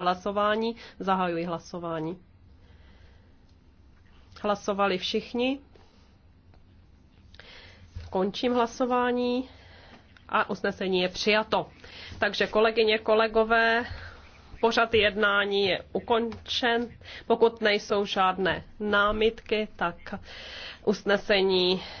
hlasování. Zahajuji hlasování. Hlasovali všichni. Končím hlasování a usnesení je přijato. Takže kolegyně, kolegové, pořad jednání je ukončen. Pokud nejsou žádné námitky, tak usnesení